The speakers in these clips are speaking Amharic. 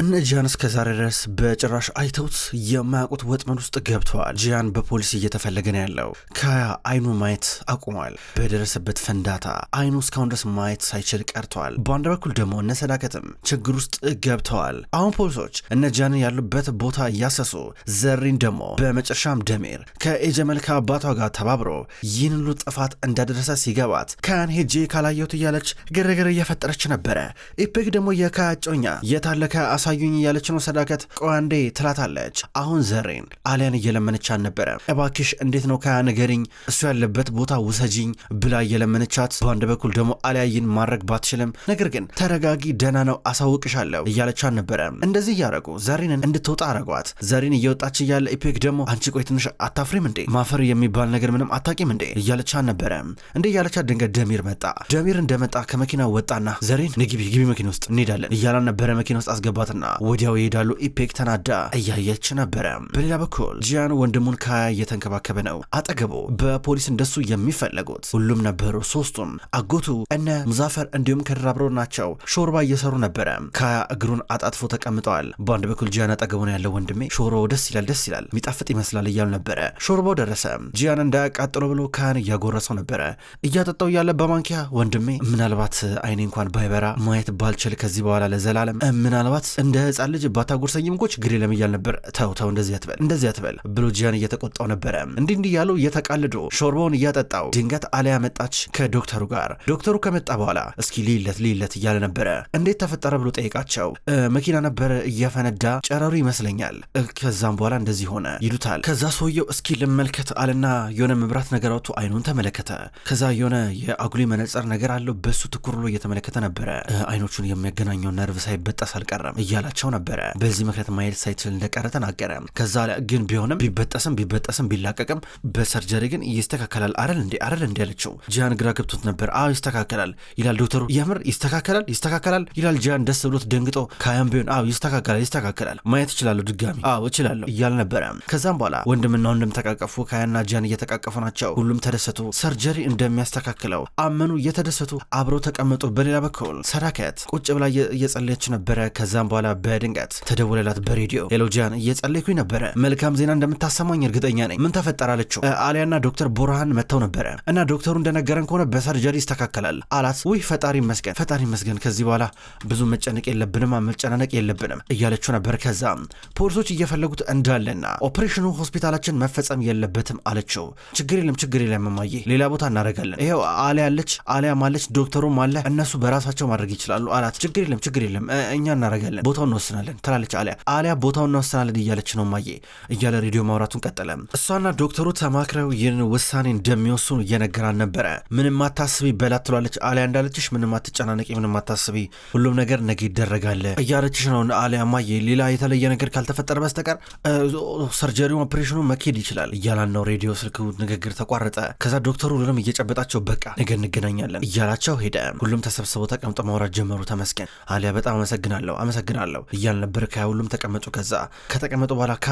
እነ ጂያን እስከ ዛሬ ድረስ በጭራሽ አይተውት የማያውቁት ወጥመድ ውስጥ ገብተዋል። ጂያን በፖሊስ እየተፈለገ ነው ያለው። ካያ አይኑ ማየት አቁሟል። በደረሰበት ፈንዳታ አይኑ እስካሁን ድረስ ማየት ሳይችል ቀርተዋል። በአንድ በኩል ደግሞ እነ ሰዳከትም ችግር ውስጥ ገብተዋል። አሁን ፖሊሶች እነ ጂያንን ያሉበት ቦታ እያሰሱ፣ ዘሪን ደግሞ በመጨረሻም ደሜር ከኤጀመል ከአባቷ ጋር ተባብሮ ይህን ሁሉ ጥፋት እንዳደረሰ ሲገባት ካያን ሄጄ ካላየሁት እያለች ግርግር እየፈጠረች ነበረ። ኢፔግ ደግሞ የካያ እጮኛ የታለከ አሳ አሳዩኝ እያለች ነው ሰዳከት። ቆይ ትላታለች። አሁን ዘሬን አሊያን እየለመነቻት ነበረ። እባክሽ እንዴት ነው ከያ ነገርኝ፣ እሱ ያለበት ቦታ ውሰጂኝ ብላ እየለመነቻት፣ በአንድ በኩል ደግሞ አሊያይን ማድረግ ባትችልም ነገር ግን ተረጋጊ፣ ደህና ነው፣ አሳውቅሻለሁ እያለቻት ነበረ። እንደዚህ እያረጉ ዘሬን እንድትወጣ አረጓት። ዘሬን እየወጣች እያለ ኢፔክ ደግሞ አንቺ ቆይ ትንሽ አታፍሪም እንዴ? ማፈር የሚባል ነገር ምንም አታቂም እንዴ? እያለቻት ነበረ። እንዴ እያለቻት ድንገት ደሚር መጣ። ደሚር እንደመጣ ከመኪና ወጣና ዘሬን ንግቢ ግቢ፣ መኪና ውስጥ እንሄዳለን እያላን ነበረ። መኪና ውስጥ አስገባትና ተናደዱና ወዲያው ይሄዳሉ። ኢፔክ ተናዳ እያየች ነበረ። በሌላ በኩል ጂያን ወንድሙን ካያ እየተንከባከበ ነው። አጠገቡ በፖሊስ እንደሱ የሚፈለጉት ሁሉም ነበሩ። ሶስቱም አጎቱ እነ ሙዛፈር እንዲሁም ከድራብሮ ናቸው። ሾርባ እየሰሩ ነበረ። ካያ እግሩን አጣጥፎ ተቀምጠዋል። በአንድ በኩል ጂያን አጠገቡ ነው ያለው። ወንድሜ ሾርባው ደስ ይላል፣ ደስ ይላል፣ የሚጣፍጥ ይመስላል እያሉ ነበረ። ሾርባው ደረሰ። ጂያን እንዳያቃጥሎ ብሎ ካያን እያጎረሰው ነበረ። እያጠጣው እያለ በማንኪያ ወንድሜ ምናልባት አይኔ እንኳን ባይበራ ማየት ባልችል ከዚህ በኋላ ለዘላለም ምናልባት እንደ ህፃን ልጅ ባታጎርሰኝም እኮ ችግር የለም እያል ነበር። ተው ተው፣ እንደዚህ አትበል፣ እንደዚህ አትበል ብሎ ጂያን እየተቆጣው ነበረ። እንዲህ እንዲህ ያለው እየተቃልዶ ሾርባውን እያጠጣው ድንገት አሊያ መጣች ከዶክተሩ ጋር። ዶክተሩ ከመጣ በኋላ እስኪ ልይለት ልይለት እያለ ነበረ። እንዴት ተፈጠረ ብሎ ጠይቃቸው። መኪና ነበረ እያፈነዳ ጨረሩ ይመስለኛል። ከዛም በኋላ እንደዚህ ሆነ ይሉታል። ከዛ ሰውየው እስኪ ልመልከት አለና የሆነ መብራት ነገር አውጥቶ አይኑን ተመለከተ። ከዛ የሆነ የአጉሊ መነጽር ነገር አለው በሱ ትኩር ብሎ እየተመለከተ ነበረ። አይኖቹን የሚያገናኘው ነርቭ ሳይበጠስ አልቀረም እያ እያላቸው ነበረ። በዚህ ምክንያት ማየት ሳይችል እንደቀረ ተናገረ። ከዛ ግን ቢሆንም ቢበጠስም ቢበጠስም ቢላቀቅም በሰርጀሪ ግን ይስተካከላል አረል እንዴ አረል እንዴ ያለችው ጂያን ግራ ገብቶት ነበር። አዎ ይስተካከላል ይላል ዶክተሩ። የምር ይስተካከላል ይስተካከላል ይላል ጂያን ደስ ብሎት ደንግጦ ካያም ቢሆን አዎ ይስተካከላል ይስተካከላል ማየት እችላለሁ ድጋሚ አዎ እችላለሁ እያል ነበረ። ከዛም በኋላ ወንድምና ወንድም ተቃቀፉ። ካያና ጂያን እየተቃቀፉ ናቸው። ሁሉም ተደሰቱ። ሰርጀሪ እንደሚያስተካክለው አመኑ። እየተደሰቱ አብረው ተቀመጡ። በሌላ በኩል ሰዳከት ቁጭ ብላ እየጸለየች ነበረ። ከዛም በኋላ በኋላ በድንገት ተደወለላት በሬዲዮ ሄሎ እየጸለይኩኝ ነበረ። መልካም ዜና እንደምታሰማኝ እርግጠኛ ነኝ። ምን ተፈጠረ አለችው። አሊያና ዶክተር ቡርሃን መጥተው ነበረ እና ዶክተሩ እንደነገረን ከሆነ በሰርጀሪ ይስተካከላል አላት። ውይ ፈጣሪ መስገን፣ ፈጣሪ መስገን። ከዚህ በኋላ ብዙ መጨነቅ የለብንም መጨናነቅ የለብንም እያለችው ነበር። ከዛ ፖሊሶች እየፈለጉት እንዳለና ኦፕሬሽኑ ሆስፒታላችን መፈጸም የለበትም አለችው። ችግር የለም ችግር የለም እማዬ፣ ሌላ ቦታ እናደርጋለን። ይኸው አሊያ አለች፣ አሊያ ማለች፣ ዶክተሩ ማለ፣ እነሱ በራሳቸው ማድረግ ይችላሉ አላት። ችግር የለም ችግር የለም እኛ እናደርጋለን ቦታው እንወስናለን ትላለች አሊያ። አሊያ ቦታው እንወስናለን እያለች ነው ማየ እያለ ሬዲዮ ማውራቱን ቀጠለ። እሷና ዶክተሩ ተማክረው ይህን ውሳኔ እንደሚወስኑ እየነገራን ነበረ። ምንም አታስቢ በላት ትሏለች አሊያ። እንዳለችሽ ምንም አትጨናነቂ፣ ምንም አታስቢ፣ ሁሉም ነገር ነገ ይደረጋል እያለችሽ ነው አሊያ። ማየ ሌላ የተለየ ነገር ካልተፈጠረ በስተቀር ሰርጀሪው፣ ኦፕሬሽኑ መኬድ ይችላል እያላን ነው። ሬዲዮ ስልክ ንግግር ተቋረጠ። ከዛ ዶክተሩ ሁሉንም እየጨበጣቸው በቃ ነገ እንገናኛለን እያላቸው ሄደ። ሁሉም ተሰብስበው ተቀምጠው ማውራት ጀመሩ። ተመስገን አሊያ በጣም አመሰግናለሁ አመሰግናለሁ አመሰግናለሁ እያል ነበር ካያ ሁሉም ተቀመጡ። ከዛ ከተቀመጡ በኋላ ካ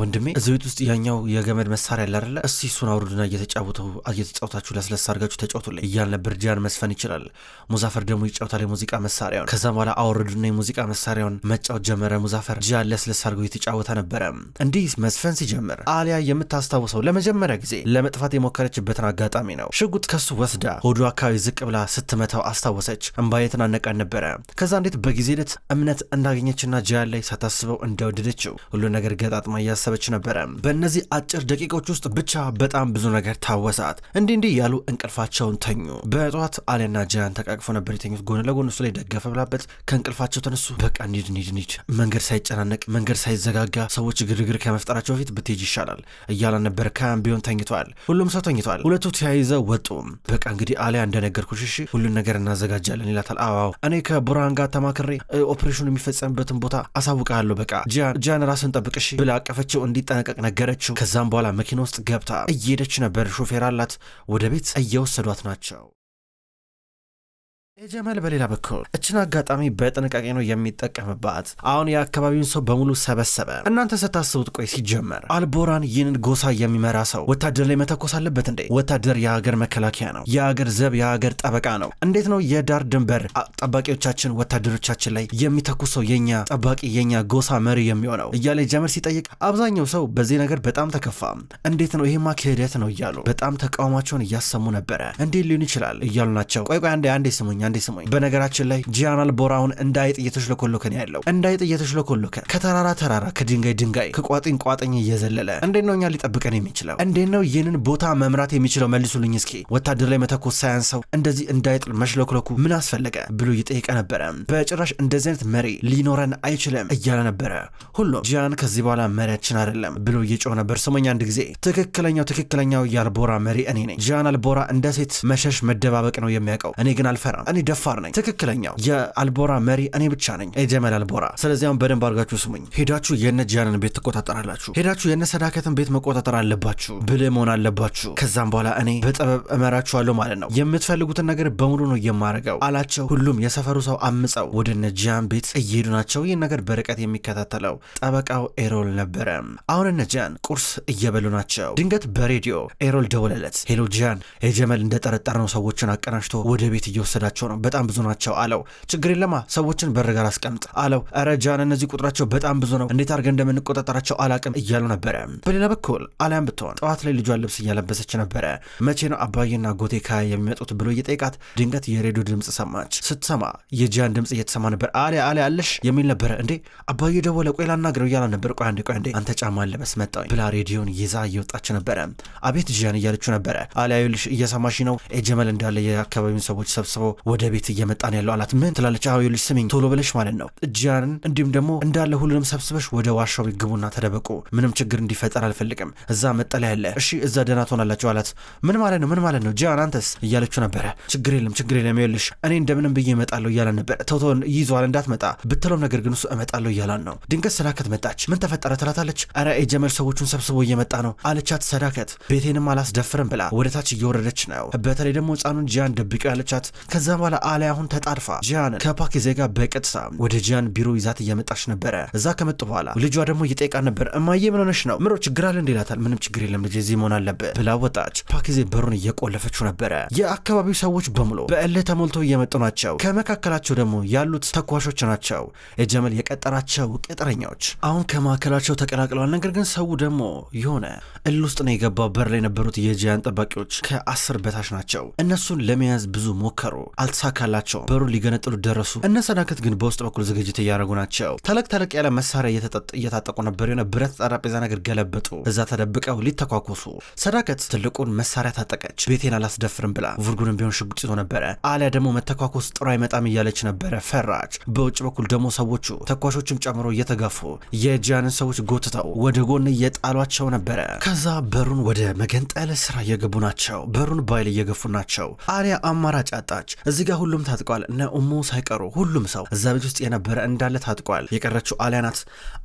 ወንድሜ እዚህ ቤት ውስጥ ያኛው የገመድ መሳሪያ ያለ አይደለ? እስቲ እሱን አውርዱና እየተጫወተው እየተጫወታችሁ ለስለስ አድርጋችሁ ተጫወቱልኝ እያል ነበር። ጂያን መስፈን ይችላል፣ ሙዛፈር ደግሞ ይጫወታል የሙዚቃ መሳሪያውን። ከዛም በኋላ አውርዱና የሙዚቃ መሳሪያውን መጫወት ጀመረ ሙዛፈር። ጂያን ለስለስ አድርገው እየተጫወተ ነበረ። እንዲህ መስፈን ሲጀምር አሊያ የምታስታውሰው ለመጀመሪያ ጊዜ ለመጥፋት የሞከረችበትን አጋጣሚ ነው። ሽጉጥ ከሱ ወስዳ ሆዱ አካባቢ ዝቅ ብላ ስትመታው አስታወሰች። እምባ የተናነቃን ነበረ። ከዛ እንዴት በጊዜ ሂደት እምነት እንዳ አገኘችና ጂያን ላይ ሳታስበው እንደወደደችው ሁሉ ነገር ገጣጥማ እያሰበች ነበረ። በእነዚህ አጭር ደቂቃዎች ውስጥ ብቻ በጣም ብዙ ነገር ታወሳት። እንዲህ እንዲህ ያሉ እንቅልፋቸውን ተኙ። በጠዋት አሊያና ጃያን ተቃቅፎ ነበር የተኙት። ጎን ለጎን እሱ ላይ ደገፈ ብላበት ከእንቅልፋቸው ተነሱ። በቃ እንሂድ እንሂድ እንሂድ፣ መንገድ ሳይጨናነቅ መንገድ ሳይዘጋጋ ሰዎች ግርግር ከመፍጠራቸው በፊት ብትሄጅ ይሻላል እያላ ነበር። ካም ቢሆን ተኝተዋል። ሁሉም ሰው ተኝተዋል። ሁለቱ ተያይዘው ወጡ። በቃ እንግዲህ አሊያ እንደነገርኩሽ፣ እሺ ሁሉን ነገር እናዘጋጃለን ይላታል። አዎ እኔ ከቡራን ጋር ተማክሬ ኦፕሬሽኑ የሚፈጽ የምንፈጸምበትን ቦታ አሳውቃለሁ። በቃ ጃን ራስን ጠብቅሽ ብላ አቀፈችው፣ እንዲጠነቀቅ ነገረችው። ከዛም በኋላ መኪና ውስጥ ገብታ እየሄደች ነበር። ሾፌር አላት። ወደ ቤት እየወሰዷት ናቸው። ኤጀመል በሌላ በኩል እችን አጋጣሚ በጥንቃቄ ነው የሚጠቀምባት። አሁን የአካባቢውን ሰው በሙሉ ሰበሰበ። እናንተ ስታስቡት ቆይ፣ ሲጀመር አልቦራን ይህንን ጎሳ የሚመራ ሰው ወታደር ላይ መተኮስ አለበት እንዴ? ወታደር የሀገር መከላከያ ነው፣ የሀገር ዘብ፣ የሀገር ጠበቃ ነው። እንዴት ነው የዳር ድንበር ጠባቂዎቻችን ወታደሮቻችን ላይ የሚተኩስ ሰው የኛ ጠባቂ የኛ ጎሳ መሪ የሚሆነው? እያለ ጀመል ሲጠይቅ አብዛኛው ሰው በዚህ ነገር በጣም ተከፋ። እንዴት ነው ይሄማ ክህደት ነው እያሉ በጣም ተቃውሟቸውን እያሰሙ ነበረ። እንዴት ሊሆን ይችላል እያሉ ናቸው። ቆይ ቆይ አንዴ አንዴ ስሙኛ አንዴ ስሙኝ። በነገራችን ላይ ጂያናል ቦራውን እንዳይጥ እየተሽለኮለከ ነው ያለው፣ እንዳይጥ እየተሽለኮለከ ከተራራ ተራራ፣ ከድንጋይ ድንጋይ፣ ከቋጥኝ ቋጥኝ እየዘለለ እንዴት ነው እኛ ሊጠብቀን የሚችለው? እንዴት ነው ይህንን ቦታ መምራት የሚችለው? መልሱልኝ እስኪ። ወታደር ላይ መተኮስ ሳያንሰው እንደዚህ እንደ መሽለኮለኩ ምን አስፈለገ ብሎ እየጠየቀ ነበረ። በጭራሽ እንደዚህ አይነት መሪ ሊኖረን አይችልም እያለ ነበረ። ሁሉም ጂያን ከዚህ በኋላ መሪያችን አይደለም ብሎ እየጮኸ ነበር። ስሙኝ አንድ ጊዜ ትክክለኛው ትክክለኛው የአልቦራ መሪ እኔ ነኝ። ጂያን አልቦራ እንደ ሴት መሸሽ መደባበቅ ነው የሚያውቀው። እኔ ግን አልፈራም። እኔ እኔ ደፋር ነኝ። ትክክለኛው የአልቦራ መሪ እኔ ብቻ ነኝ፣ ኤጀመል አልቦራ። ስለዚያም በደንብ አድርጋችሁ ስሙኝ። ሄዳችሁ የነ ጃንን ቤት ትቆጣጠራላችሁ። ሄዳችሁ የነ ሰዳከትን ቤት መቆጣጠር አለባችሁ፣ ብልህ መሆን አለባችሁ። ከዛም በኋላ እኔ በጥበብ እመራችኋለሁ ማለት ነው። የምትፈልጉትን ነገር በሙሉ ነው የማደርገው አላቸው። ሁሉም የሰፈሩ ሰው አምፀው ወደ እነ ጃን ቤት እየሄዱ ናቸው። ይህን ነገር በርቀት የሚከታተለው ጠበቃው ኤሮል ነበረ። አሁን እነ ጃን ቁርስ እየበሉ ናቸው። ድንገት በሬዲዮ ኤሮል ደወለለት። ሄሎ ጂያን፣ የጀመል ነው ሰዎችን አቀናጅቶ ወደ ቤት እየወሰዳቸው ቁጥራቸው ነው በጣም ብዙ ናቸው አለው። ችግር የለማ ሰዎችን በር ጋር አስቀምጥ አለው። ኧረ ጃን እነዚህ ቁጥራቸው በጣም ብዙ ነው፣ እንዴት አድርገን እንደምንቆጣጠራቸው አላቅም እያሉ ነበረ። በሌላ በኩል አሊያን ብትሆን ጠዋት ላይ ልጇን ልብስ እያለበሰች ነበረ። መቼ ነው አባዬና ጎቴ ካ የሚመጡት ብሎ እየጠየቃት ድንገት የሬዲዮ ድምፅ ሰማች። ስትሰማ የጃን ድምፅ እየተሰማ ነበር። አሊያ አሊያ አለሽ የሚል ነበረ። እንዴ አባዬ ደወለ፣ ቆይ ላናግረው እያለ ነበር። ቆይ አንዴ ቆይ አንዴ አንተ ጫማ ልበስ መጣሁ ብላ ሬዲዮን ይዛ እየወጣች ነበረ። አቤት ጃን እያለችው ነበረ። አሊያ ይኸውልሽ እየሰማሽ ነው ኤጀመል እንዳለ የአካባቢውን ሰዎች ሰብስበው ወደ ቤት እየመጣን ያለው አላት። ምን ትላለች? አዎ ይኸውልሽ፣ ስሚኝ ቶሎ ብለሽ ማለት ነው እጃንን እንዲሁም ደግሞ እንዳለ ሁሉንም ሰብስበሽ ወደ ዋሻው ይግቡና ግቡና ተደበቁ። ምንም ችግር እንዲፈጠር አልፈልግም። እዛ መጠለያ ያለ፣ እሺ እዛ ደህና ትሆናላችሁ አላት። ምን ማለት ነው? ምን ማለት ነው? ጃን አንተስ እያለችው ነበረ። ችግር የለም ችግር የለም ይኸውልሽ፣ እኔ እንደምንም ብዬ እመጣለሁ እያለን ነበር። ተውተውን ይዘዋል እንዳትመጣ ብትለውም ነገር ግን እሱ እመጣለሁ እያላን ነው። ድንገት ሰዳከት መጣች። ምን ተፈጠረ ትላታለች። ኧረ የጀመል ሰዎቹን ሰብስቦ እየመጣ ነው አለቻት። ሰዳከት ቤቴንም አላስደፍርም ብላ ወደ ታች እየወረደች ነው። በተለይ ደግሞ ህፃኑን ጃን ደብቀው ያለቻት ከዛ በኋላ አሊያ አሁን ተጣድፋ ጂያን ከፓኪዜ ዜጋ በቀጥታ ወደ ጂያን ቢሮ ይዛት እየመጣች ነበረ። እዛ ከመጡ በኋላ ልጇ ደግሞ እየጠየቃ ነበር። እማዬ ምን ሆነሽ ነው? ምሮ ችግር አለ እንዴ ይላታል። ምንም ችግር የለም ልጅ፣ እዚህ መሆን አለብህ ብላ ወጣች። ፓኪዜ በሩን እየቆለፈችው ነበረ። የአካባቢው ሰዎች በሙሉ በእልህ ተሞልተው እየመጡ ናቸው። ከመካከላቸው ደግሞ ያሉት ተኳሾች ናቸው፣ የጀመል የቀጠራቸው ቅጥረኛዎች አሁን ከመካከላቸው ተቀላቅለዋል። ነገር ግን ሰው ደግሞ የሆነ እልህ ውስጥ ነው የገባው። በር ላይ የነበሩት የጂያን ጠባቂዎች ከአስር በታች ናቸው። እነሱን ለመያዝ ብዙ ሞከሩ አልተሳካላቸውም። በሩ ሊገነጥሉ ደረሱ። እነ ሰዳከት ግን በውስጥ በኩል ዝግጅት እያደረጉ ናቸው። ተለቅ ተለቅ ያለ መሳሪያ እየታጠቁ ነበር። የሆነ ብረት ጠረጴዛ ነገር ገለበጡ። እዛ ተደብቀው ሊተኳኮሱ ሰዳከት ትልቁን መሳሪያ ታጠቀች። ቤቴን አላስደፍርም ብላ ቡርጉንም ቢሆን ሽጉጥ ይዞ ነበረ። አሊያ ደግሞ መተኳኮስ ጥሩ አይመጣም እያለች ነበረ። ፈራች። በውጭ በኩል ደግሞ ሰዎቹ ተኳሾችም ጨምሮ እየተጋፉ የጃንን ሰዎች ጎትተው ወደ ጎን እየጣሏቸው ነበረ። ከዛ በሩን ወደ መገንጠል ስራ እየገቡ ናቸው። በሩን ባይል እየገፉ ናቸው። አሊያ አማራጭ አጣች። እዚህ ጋር ሁሉም ታጥቋል። እነ እሙ ሳይቀሩ ሁሉም ሰው እዛ ቤት ውስጥ የነበረ እንዳለ ታጥቋል የቀረችው አሊያ ናት።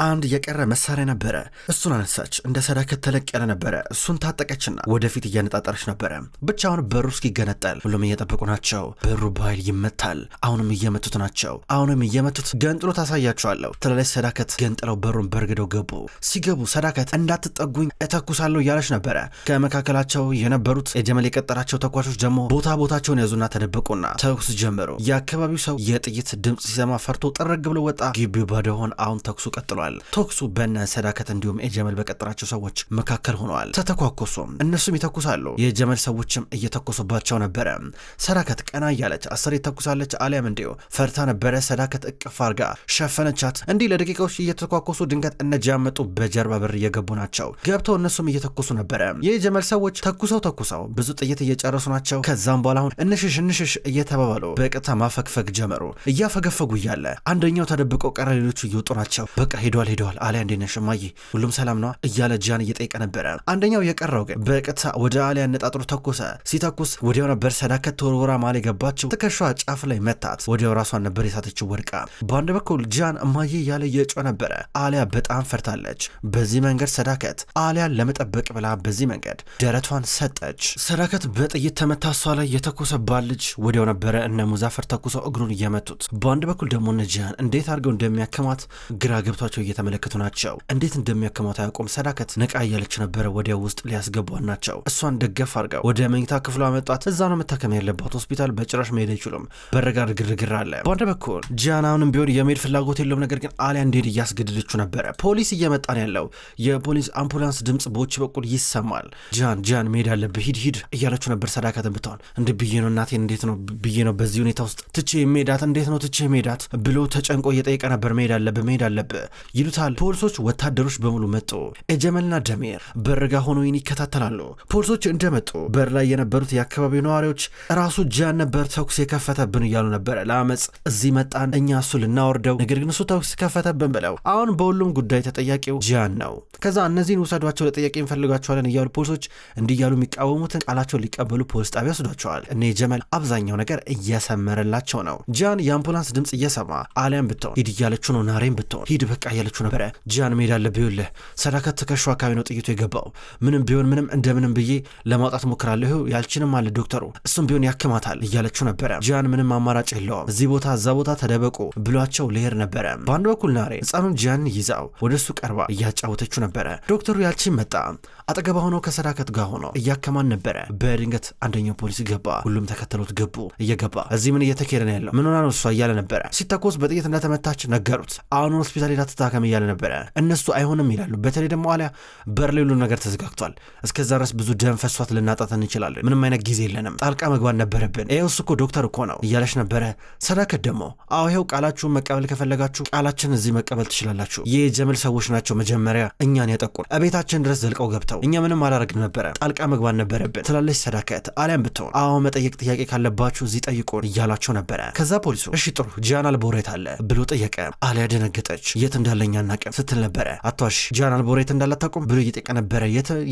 አንድ የቀረ መሳሪያ ነበረ፣ እሱን አነሳች። እንደ ሰዳከት ተለቅ ያለ ነበረ፣ እሱን ታጠቀችና ወደፊት እያነጣጠረች ነበረ። ብቻውን በሩ እስኪገነጠል ሁሉም እየጠበቁ ናቸው። በሩ በኃይል ይመታል። አሁንም እየመቱት ናቸው። አሁንም እየመቱት ገንጥሎ ታሳያቸዋለሁ ትላለች ሰዳከት። ገንጥለው በሩን በርግደው ገቡ። ሲገቡ ሰዳከት እንዳትጠጉኝ እተኩሳለሁ እያለች ነበረ። ከመካከላቸው የነበሩት የጀመል የቀጠራቸው ተኳሾች ደግሞ ቦታ ቦታቸውን ያዙና ተደበቁና ተኩስ ጀመሩ። የአካባቢው ሰው የጥይት ድምፅ ሲሰማ ፈርቶ ጠረግ ብሎ ወጣ። ግቢው በደሆን አሁን ተኩሱ ቀጥሏል። ተኩሱ በነ ሰዳከት እንዲሁም የጀመል በቀጠራቸው ሰዎች መካከል ሆኗል። ተተኳኮሱም እነሱም ይተኩሳሉ። የጀመል ሰዎችም እየተኮሱባቸው ነበረ። ሰዳከት ቀና እያለች አስር ተኩሳለች። አሊያም እንዲሁ ፈርታ ነበረ። ሰዳከት እቅፍ አርጋ ሸፈነቻት። እንዲህ ለደቂቃዎች እየተኳኮሱ ድንገት እነ ጃመጡ በጀርባ በር እየገቡ ናቸው። ገብተው እነሱም እየተኮሱ ነበረ። የጀመል ሰዎች ተኩሰው ተኩሰው ብዙ ጥይት እየጨረሱ ናቸው። ከዛም በኋላ አሁን እንሽሽ እንሽሽ እየተ ተባባሉ። በቀጥታ ማፈግፈግ ጀመሩ። እያፈገፈጉ እያለ አንደኛው ተደብቆ ቀረ፣ ሌሎቹ እየወጡ ናቸው። በቃ ሄደዋል ሄደዋል። አሊያ እንዴት ነሽ እማዬ፣ ሁሉም ሰላም ነዋ እያለ ጃን እየጠየቀ ነበረ። አንደኛው የቀረው ግን በቀጥታ ወደ አሊያ ነጣጥሮ ተኮሰ። ሲተኩስ ወዲያው ነበር ሰዳከት ተወርወራ ማል የገባችው። ትከሿ ጫፍ ላይ መታት። ወዲያው ራሷን ነበር የሳተችው ወድቃ። በአንድ በኩል ጃን እማዬ እያለ እየጮ ነበረ። አሊያ በጣም ፈርታለች። በዚህ መንገድ ሰዳከት አሊያን ለመጠበቅ ብላ በዚህ መንገድ ደረቷን ሰጠች። ሰዳከት በጥይት ተመታሷ ላይ የተኮሰባት ልጅ ወዲያው ነበር ነበረ እነ ሙዛፈር ተኩሰው እግሩን እየመቱት። በአንድ በኩል ደግሞ እነ እንዴት አድርገው እንደሚያከማት ግራ ገብቷቸው እየተመለከቱ ናቸው። እንዴት እንደሚያከማት አያውቁም። ሰዳከት ነቃ እያለች ነበረ። ወዲያ ውስጥ ሊያስገቧን ናቸው። እሷን ደገፍ አድርገው ወደ መኝታ ክፍሏ መጧት። እዛ ነው መታከም ያለባት። ሆስፒታል በጭራሽ መሄድ አይችሉም። በረጋር ግርግር አለ። በአንድ በኩል ጂያን አሁንም ቢሆን የመሄድ ፍላጎት የለውም። ነገር ግን አሊያ እንዲሄድ እያስገደደችው ነበረ። ፖሊስ እየመጣ ነው ያለው። የፖሊስ አምቡላንስ ድምጽ በውጭ በኩል ይሰማል። ጂያን ጂያን መሄድ አለብህ፣ ሂድ ሂድ እያለችው ነበር። ሰዳከትን ብትሆን እንድ ብዬ ነው እናቴን እንዴት ነው ብዬ ብዬ ነው በዚህ ሁኔታ ውስጥ ትቼ የመሄዳት? እንዴት ነው ትቼ የመሄዳት ብሎ ተጨንቆ እየጠየቀ ነበር። መሄድ አለብህ፣ መሄድ አለብ መሄድ አለብ ፖሊሶች፣ ወታደሮች በሙሉ መጡ። ኤጀመልና ደሜር በርጋ ሆኖ ይህን ይከታተላሉ። ፖሊሶች እንደመጡ በር ላይ የነበሩት የአካባቢው ነዋሪዎች ራሱ ጃን ነበር ተኩስ የከፈተብን እያሉ ነበረ። ለአመፅ እዚህ መጣን እኛ እሱ ልናወርደው፣ ነገር ግን እሱ ተኩስ ከፈተብን ብለው አሁን በሁሉም ጉዳይ ተጠያቂው ጃን ነው። ከዛ እነዚህን ውሰዷቸው ለጥያቄ እንፈልጋቸዋለን እያሉ ፖሊሶች እንዲያሉ የሚቃወሙትን ቃላቸውን ሊቀበሉ ፖሊስ ጣቢያ ወስዷቸዋል። እነ ጀመል አብዛኛው ነገር ፍቅር እየሰመረላቸው ነው። ጃን የአምቡላንስ ድምፅ እየሰማ አሊያን ብትሆን ሂድ እያለችው ነው። ናሬን ብትሆን ሂድ በቃ እያለችው ነበረ። ጃን መሄድ አለብህ ይኸውልህ፣ ሰዳከት ትከሻ አካባቢ ነው ጥይቱ የገባው። ምንም ቢሆን ምንም እንደምንም ብዬ ለማውጣት ሞክራለሁ። ያልችንም አለ ዶክተሩ፣ እሱም ቢሆን ያክማታል እያለችው ነበረ። ጃን ምንም አማራጭ የለውም። እዚህ ቦታ እዛ ቦታ ተደበቁ ብሏቸው ልሄድ ነበረ። በአንድ በኩል ናሬ ህፃኑን ጃን ይዛው ወደ እሱ ቀርባ እያጫወተችው ነበረ። ዶክተሩ ያልችን መጣ። አጠገባ ሆኖ ከሰዳከት ጋር ሆኖ እያከማን ነበረ። በድንገት አንደኛው ፖሊስ ገባ። ሁሉም ተከተሉት ገቡ። እየገባ እዚህ ምን እየተካሄደ ነው ያለው? ምን ሆና ነው እሷ እያለ ነበረ። ሲተኮስ በጥይት እንደተመታች ነገሩት። አሁን ሆስፒታል ሄዳ ትታከም እያለ ነበረ። እነሱ አይሆንም ይላሉ። በተለይ ደግሞ አሊያ በር ሁሉ ነገር ተዘጋግቷል። እስከዛ ድረስ ብዙ ደም ፈሷት ልናጣት እንችላለን። ምንም አይነት ጊዜ የለንም። ጣልቃ መግባት ነበረብን። ይኸው እሱ እኮ ዶክተር እኮ ነው እያለች ነበረ። ሰዳከት ደግሞ አዎ ይኸው ቃላችሁን መቀበል ከፈለጋችሁ ቃላችን እዚህ መቀበል ትችላላችሁ። ይህ ጀምል ሰዎች ናቸው መጀመሪያ እኛን ያጠቁን። እቤታችን ድረስ ዘልቀው ገብተው እኛ ምንም አላረግን ነበረ። ጣልቃ መግባት ነበረብን ትላለች ሰዳከት። አሊያም ብትሆን አዎ መጠየቅ ጥያቄ ካለባችሁ ስለዚህ ጠይቁን እያላቸው ነበረ። ከዛ ፖሊሱ እሺ ጥሩ ጃን አልቦሬት አለ ብሎ ጠየቀ። አሊያ ደነገጠች። የት እንዳለኛ እናቅም ስትል ነበረ። አቷሽ ጃን አልቦሬት እንዳላታቁም ብሎ እየጠየቀ ነበረ።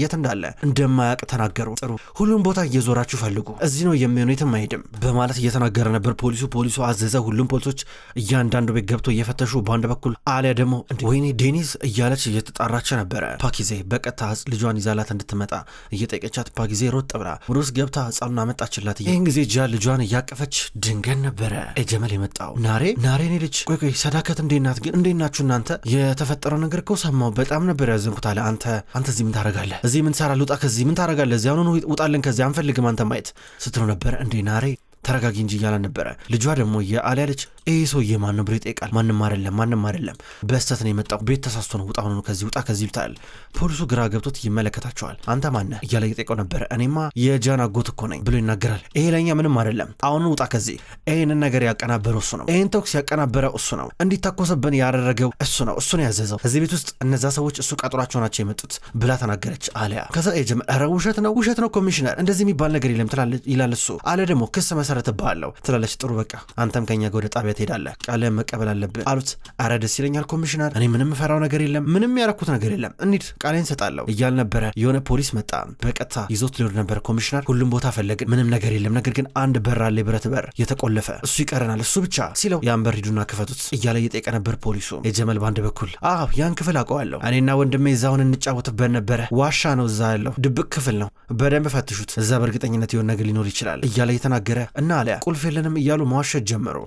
የት እንዳለ እንደማያውቅ ተናገሩ። ጥሩ ሁሉም ቦታ እየዞራችሁ ፈልጉ፣ እዚህ ነው የሚሆነው፣ የትም አይሄድም በማለት እየተናገረ ነበር ፖሊሱ። ፖሊሱ አዘዘ። ሁሉም ፖሊሶች እያንዳንዱ ቤት ገብቶ እየፈተሹ በአንድ በኩል አሊያ ደግሞ ወይኔ ዴኒዝ እያለች እየተጣራች ነበረ። ፓኪዜ በቀጥታ ልጇን ይዛላት እንድትመጣ እየጠየቀቻት ፓኪዜ ሮጥ ብላ ወደ ውስጥ ገብታ ህፃኑን አመጣችላት። ይህን ጊዜ ጃ ልጇን እያቀፈች ድንገን ነበረ ጀመል የመጣው። ናሬ ናሬ እኔ ልጅ ቆይ ቆይ ሰዳከት እንዴት ናት ግን? እንዴት ናችሁ እናንተ? የተፈጠረው ነገር እኮ ሰማው። በጣም ነበር ያዘንኩት አለ። አንተ አንተ እዚህ ምን ታረጋለህ? እዚህ ምን ትሰራለህ? ውጣ ከዚህ ምን ታረጋለህ? እዚያውኑ ውጣለን ከዚህ አንፈልግም አንተ ማየት ስትሉ ነበር። እንዴ ናሬ ተረጋጊ እንጂ እያለ ነበረ። ልጇ ደግሞ የአሊያ ልጅ ይሄ ሰውዬ ማን ነው ብሎ ይጠይቃል። ማንም አይደለም፣ ማንም አይደለም፣ በስተት ነው የመጣው፣ ቤት ተሳስቶ ነው፣ ውጣ ሆኖ ከዚህ ውጣ ከዚህ ይሉታል። ፖሊሱ ግራ ገብቶት ይመለከታቸዋል። አንተ ማነ እያለ ይጠይቀው ነበረ። እኔማ የጃን አጎት እኮ ነኝ ብሎ ይናገራል። ይሄ ለእኛ ምንም አይደለም፣ አሁኑን ውጣ ከዚህ። ይህንን ነገር ያቀናበረው እሱ ነው፣ ይህን ተኩስ ያቀናበረው እሱ ነው፣ እንዲታኮሰብን ያደረገው እሱ ነው፣ እሱን ያዘዘው። እዚህ ቤት ውስጥ እነዛ ሰዎች እሱ ቀጥሯቸው ናቸው የመጡት ብላ ተናገረች አሊያ። ከዛ የጀመረ ውሸት ነው ውሸት ነው ኮሚሽነር፣ እንደዚህ የሚባል ነገር የለም ይላል እሱ። አሊያ ደግሞ ክስ መሰ እመሰረትብሃለሁ ትላለች። ጥሩ በቃ አንተም ከኛ ጋር ወደ ጣቢያ ትሄዳለህ፣ ቃለ መቀበል አለብህ አሉት። አረ ደስ ይለኛል ኮሚሽነር፣ እኔ ምንም ፈራው ነገር የለም፣ ምንም ያረኩት ነገር የለም፣ እንሂድ፣ ቃሌን እሰጣለሁ እያል ነበረ። የሆነ ፖሊስ መጣ፣ በቀጥታ ይዞት ሊሆን ነበረ። ኮሚሽነር ሁሉም ቦታ ፈለግን፣ ምንም ነገር የለም፣ ነገር ግን አንድ በር አለ፣ ብረት በር የተቆለፈ፣ እሱ ይቀረናል፣ እሱ ብቻ ሲለው ያን በር ሂዱና ክፈቱት እያለ እየጠየቀ ነበር ፖሊሱ። የጀመል በአንድ በኩል አዎ ያን ክፍል አውቀዋለሁ፣ እኔና ወንድሜ እዛውን እንጫወትበት ነበረ። ዋሻ ነው እዛ ያለው፣ ድብቅ ክፍል ነው በደንብ ፈትሹት፣ እዛ በእርግጠኝነት የሆነ ነገር ሊኖር ይችላል እያለ እየተናገረ እና አሊያ ቁልፍ የለንም እያሉ መዋሸት ጀመሩ።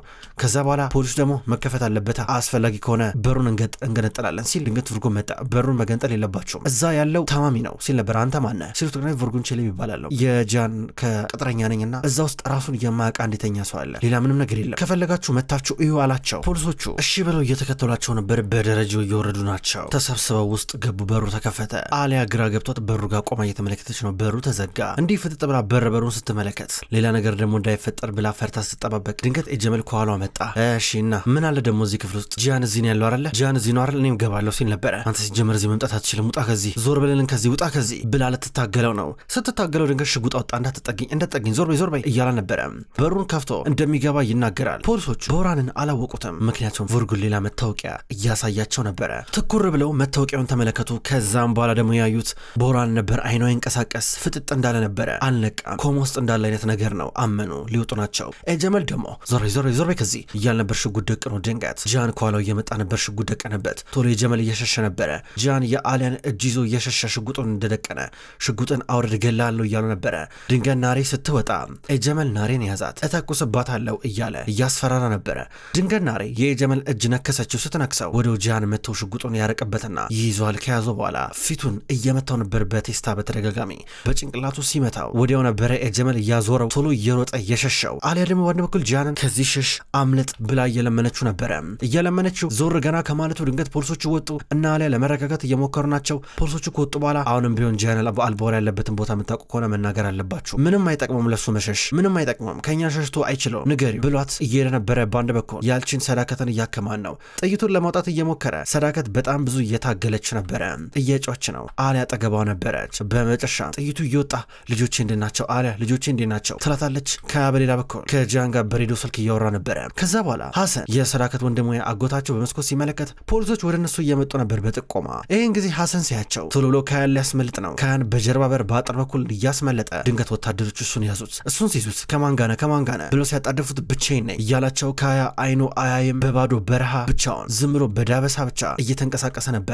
ከዛ በኋላ ፖሊሱ ደግሞ መከፈት አለበት አስፈላጊ ከሆነ በሩን እንገነጠላለን ሲል ድንገት ቭርጎን መጣ። በሩን መገንጠል የለባቸውም እዛ ያለው ታማሚ ነው ሲል ነበር። አንተ ማነ ሲሉ ትግራይ ቭርጎን ቼሌም ይባላለሁ የጃን ከቅጥረኛ ነኝና እዛ ውስጥ ራሱን የማያውቅ አንዴተኛ ሰው አለ። ሌላ ምንም ነገር የለም ከፈለጋችሁ መታችሁ እዩ አላቸው። ፖሊሶቹ እሺ ብለው እየተከተሏቸው ነበር። በደረጃው እየወረዱ ናቸው። ተሰብስበው ውስጥ ገቡ። በሩ ተከፈተ። አሊያ ግራ ገብቷት በሩ ጋር ቆማ እየተመለከተች ነው። በሩ በሩ ተዘጋ። እንዲህ ስትጠባበር በሩን ስትመለከት ሌላ ነገር ደግሞ እንዳይፈጠር ብላ ፈርታ ስትጠባበቅ ድንገት ኤጀመል ከኋላ መጣ። እሺ እና ምን አለ ደግሞ እዚህ ክፍል ውስጥ ጂያን እዚህ ነው ያለው አለ ጂያን እዚህ ነው አለ። እኔም ገባለሁ ሲል ነበረ። አንተ ሲጀመር እዚህ መምጣት አትችልም፣ ውጣ ከዚህ ዞር በለልን፣ ከዚህ ውጣ ከዚህ ብላ ልትታገለው ነው። ስትታገለው ድንገት ሽጉጣ ወጣ። እንዳትጠግኝ እንዳትጠግኝ፣ ዞር በይ ዞር በይ እያላ ነበረ። በሩን ከፍቶ እንደሚገባ ይናገራል። ፖሊሶቹ ቦራንን አላወቁትም፣ ምክንያቱም ቮርጉል ሌላ መታወቂያ እያሳያቸው ነበረ። ትኩር ብለው መታወቂያውን ተመለከቱ። ከዛም በኋላ ደግሞ ያዩት ቦራን ነበር። አይኗ ይንቀሳቀስ ፍጥጥ እንዳለ ነበረ። አልነቃም። ኮማ ውስጥ እንዳለ አይነት ነገር ነው። አመኑ። ሊወጡ ናቸው። ኤጀመል ደግሞ ዞሬ ዞር ዞሬ ከዚህ እያል ነበር። ሽጉጥ ነው። ድንገት ጃን ከኋላው እየመጣ ነበር። ሽጉጥ ደቀነበት። ቶሎ ኤጀመል እየሸሸ ነበረ። ጃን የአሊያን እጅ ይዞ እየሸሸ ሽጉጡን እንደደቀነ ሽጉጥን አውርድ ገላለሁ እያሉ ነበረ። ድንገት ናሬ ስትወጣ ኤጀመል ናሬን ያዛት። እተኩስባታለሁ እያለ እያስፈራራ ነበረ። ድንገት ናሬ የኤጀመል እጅ ነከሰችው። ስትነክሰው ወደ ጃን መጥቶ ሽጉጡን ያረቀበትና ይይዟል። ከያዘው በኋላ ፊቱን እየመታው ነበር በቴስታ በተደጋጋሚ በጭንቅላቱ ሲመታው ወዲያው ነበረ ጀመል እያዞረው ቶሎ እየሮጠ እየሸሸው አሊያ ደግሞ በአንድ በኩል ጃንን ከዚህ ሽሽ አምልጥ ብላ እየለመነችው ነበረ። እየለመነችው ዞር ገና ከማለቱ ድንገት ፖሊሶቹ ወጡ እና አሊያ ለመረጋጋት እየሞከሩ ናቸው። ፖሊሶቹ ከወጡ በኋላ አሁንም ቢሆን ጃንን አልቦራ ያለበትን ቦታ የምታውቁ ከሆነ መናገር አለባችሁ። ምንም አይጠቅመም፣ ለሱ መሸሽ ምንም አይጠቅመም፣ ከእኛ ሸሽቶ አይችለውም፣ ንገሪው ብሏት እየሄደ ነበረ። በአንድ በኩል ያልችን ሰዳከትን እያከማን ነው። ጥይቱን ለማውጣት እየሞከረ ሰዳከት በጣም ብዙ እየታገለች ነበረ፣ እየጮች ነው። አሊያ ጠገባው ነበረች። በመጨረሻ ጥይቱ ከቤቱ እየወጣ ልጆቼ እንዴት ናቸው አሊያ ልጆቼ እንዴት ናቸው ትላታለች። ከበሌላ በኩል ከጃን ጋር በሬዲዮ ስልክ እያወራ ነበረ። ከዛ በኋላ ሐሰን የሰዳከት ወንድሙ አጎታቸው በመስኮት ሲመለከት ፖሊሶች ወደ እነሱ እየመጡ ነበር በጥቆማ። ይህን ጊዜ ሐሰን ሲያቸው ቶሎ ብሎ ከያን ሊያስመልጥ ነው። ከያን በጀርባ በር በአጥር በኩል እያስመለጠ ድንገት ወታደሮች እሱን ያዙት። እሱን ሲይዙት ከማንጋነ ከማንጋነ ብሎ ሲያጣደፉት ብቻዬን ነኝ እያላቸው ከያ አይኑ አያይም በባዶ በረሃ ብቻውን ዝም ብሎ በዳበሳ ብቻ እየተንቀሳቀሰ ነበረ።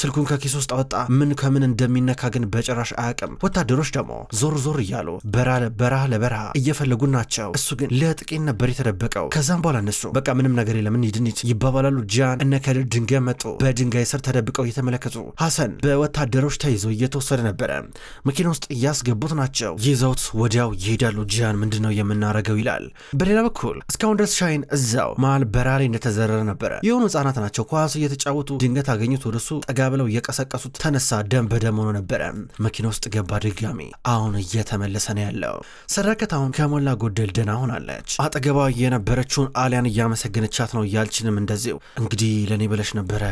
ስልኩን ከኪስ ውስጥ አወጣ። ምን ከምን እንደሚነካ ግን በጭራሽ አያውቅም። ወታደሮች ደግሞ ዞር ዞር እያሉ በረሃ ለበረሃ እየፈለጉ ናቸው። እሱ ግን ለጥቂት ነበር የተደበቀው። ከዛም በኋላ እነሱ በቃ ምንም ነገር የለምን ይድንት ይባባላሉ። ጃን እነ ከድር ድንጋይ መጡ። በድንጋይ ስር ተደብቀው እየተመለከቱ ሐሰን በወታደሮች ተይዞ እየተወሰደ ነበረ። መኪና ውስጥ እያስገቡት ናቸው። ይዘውት ወዲያው ይሄዳሉ። ጃን ምንድን ነው የምናረገው ይላል። በሌላ በኩል እስካሁን ድረስ ሻይን እዛው መሃል በረሃ ላይ እንደተዘረረ ነበረ። የሆኑ ህጻናት ናቸው ኳስ እየተጫወቱ ድንገት አገኙት። ወደሱ ጠጋ ብለው እየቀሰቀሱት ተነሳ። ደም በደም ሆኖ ነበረ። መኪና ውስጥ ገባ። በድጋሚ አሁን እየተመለሰ ነው ያለው። ሰረቀት አሁን ከሞላ ጎደል ደህና ሆናለች። አጠገባ የነበረችውን አሊያን እያመሰገነቻት ነው። ያልችንም እንደዚሁ እንግዲህ ለእኔ ብለሽ ነበረ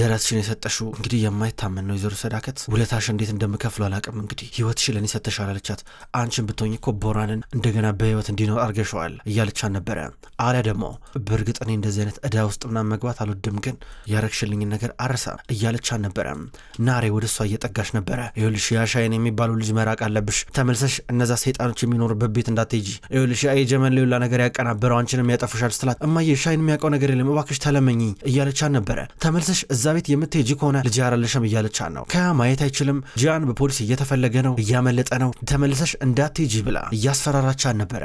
ደረትሽን የሰጠሽው እንግዲህ የማይታመን ነው። ወይዘሮ ሰዳከት ውለታሽ እንዴት እንደምከፍሉ አላቅም። እንግዲህ ህይወትሽን ለእኔ ሰጥተሻል አለቻት። አንቺን ብትሆኝ እኮ ቦራንን እንደገና በህይወት እንዲኖር አርገሸዋል እያለቻት ነበረ። አሊያ ደግሞ በእርግጥ እኔ እንደዚህ አይነት እዳ ውስጥ ምናምን መግባት አልወድም፣ ግን ያረግሽልኝን ነገር አረሳ እያለቻት ነበረ። ናሬ ወደ እሷ እየጠጋሽ ነበረ። ይኸውልሽ ያሻይን የሚባለው ልጅ መራቅ አለብሽ። ተመልሰሽ እነዛ ሰይጣኖች የሚኖርበት ቤት እንዳትሄጂ። ይኸውልሽ ጀመን ሌላ ነገር ያቀናበረው አንቺንም ያጠፉሻል ስትላት፣ እማዬ ሻይን የሚያውቀው ነገር የለም እባክሽ ተለመኝ እያለቻት ነበረ። ተመልሰሽ እዛ ቤት የምትሄጂ ከሆነ ልጅ ያራለሽም እያለቻት ነው። ከያ ማየት አይችልም። ጂያን በፖሊስ እየተፈለገ ነው፣ እያመለጠ ነው፣ ተመልሰሽ እንዳትሄጂ ብላ እያስፈራራቻት ነበረ።